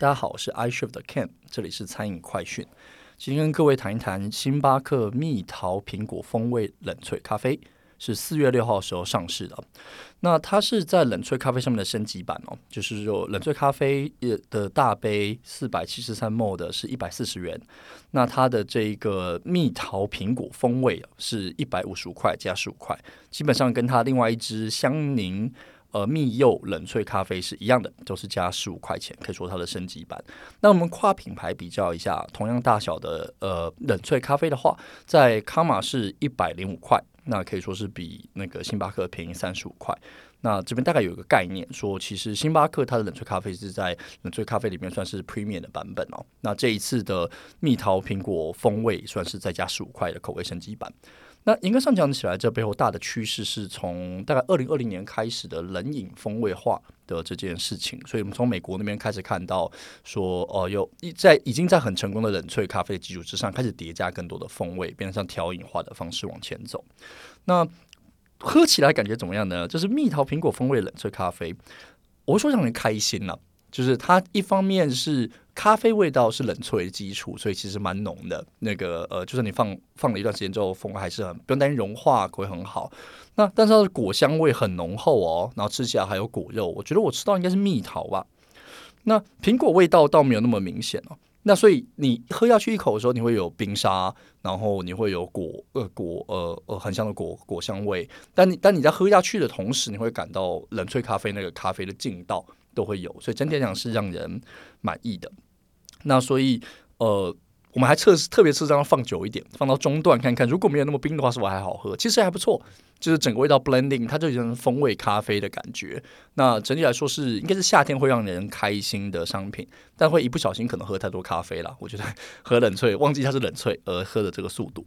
大家好，我是 iCHEF 的 Ken，這裡是餐飲快訊。今天跟各位談一談星巴克蜜桃蘋果風味冷萃咖啡，是四月六號的時候上市的。那它是在冷萃咖啡上面的升級版哦，就是說冷萃咖啡的大杯四百七十三 ml 的是一百四十元，那它的這一個蜜桃蘋果風味是一百五十五塊，加十五塊，基本上跟它另外一支香檸。呃，而蜜柚冷萃咖啡是一樣的，都、就是加十五塊錢，可以說它的升級版。那我們跨品牌比較一下，同樣大小的呃冷萃咖啡的話，在康瑪是一百零五塊，那可以說是比那個星巴克便宜三十五塊。那這邊大概有一個概念，說其實星巴克它的冷萃咖啡是在冷萃咖啡裡面算是 premium 的版本哦。那這一次的蜜桃蘋果風味算是再加十五塊的口味升級版。那應該上講起來，這背後大的趨勢是從大概二零二零年開始的冷飲風味化的這件事情。所以我們從美國那邊開始看到說，哦、呃，有在已經在很成功的冷萃咖啡的基礎之上開始疊加更多的風味，變得像調飲化的方式往前走。那喝起來感覺怎麼樣呢？就是蜜桃蘋果風味冷萃咖啡，我說讓人開心了，啊。就是它一方面是咖啡味道是冷萃的基礎，所以其實蠻濃的。那個呃，就算你放放了一段時間之後，風味還是很不用擔心融化，口味很好。那但是它的果香味很濃厚哦，然後吃起來還有果肉，我覺得我吃到應該是蜜桃吧。那蘋果味道倒沒有那麼明顯哦。那所以你喝下去一口的時候，你會有冰沙，然後你會有果、呃果、呃呃很香的果果香味。但你但你在喝下去的同時，你會感到冷萃咖啡那個咖啡的勁道都會有。所以整體來講是讓人滿意的。那所以呃，我們還測試特別測試，讓它放久一點，放到中段看看，如果沒有那麼冰的話，是否還好喝？其實還不錯。就是整個味道 blending，它就已經是風味咖啡的感覺。那整體來說是應該是夏天會讓人開心的商品，但會一不小心可能喝太多咖啡了。我覺得喝冷萃，忘記它是冷萃而喝的這個速度。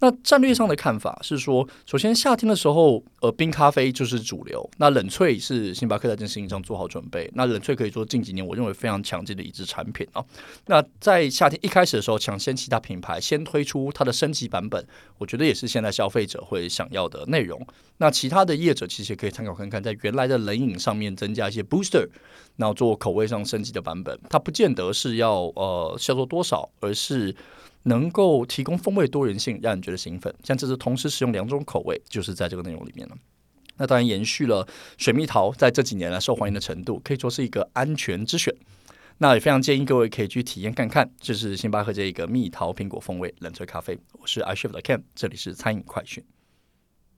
那戰略上的看法是說，首先夏天的時候，呃，冰咖啡就是主流。那冷萃是星巴克在這件事情上做好準備。那冷萃可以說近幾年我認為非常強勁的一支產品啊。那在夏天一開始的時候，搶先其他品牌先推出它的升級版本，我覺得也是現在消費者會想要的內容。容那其他的業者其實也可以參考看看，在原來的冷飲上面增加一些 booster，然後做口味上升級的版本，它不見得是要呃銷售多少，而是能夠提供風味多元性，讓你覺得興奮。像這次同時使用兩種口味，就是在這個內容裡面了。那當然延續了水蜜桃在這幾年來受歡迎的程度，可以說是一個安全之選。那也非常建議各位可以去體驗看看，就是星巴克這一個蜜桃蘋果風味冷萃咖啡。我是 iCHEF 的 Ken，這裡是餐飲快訊。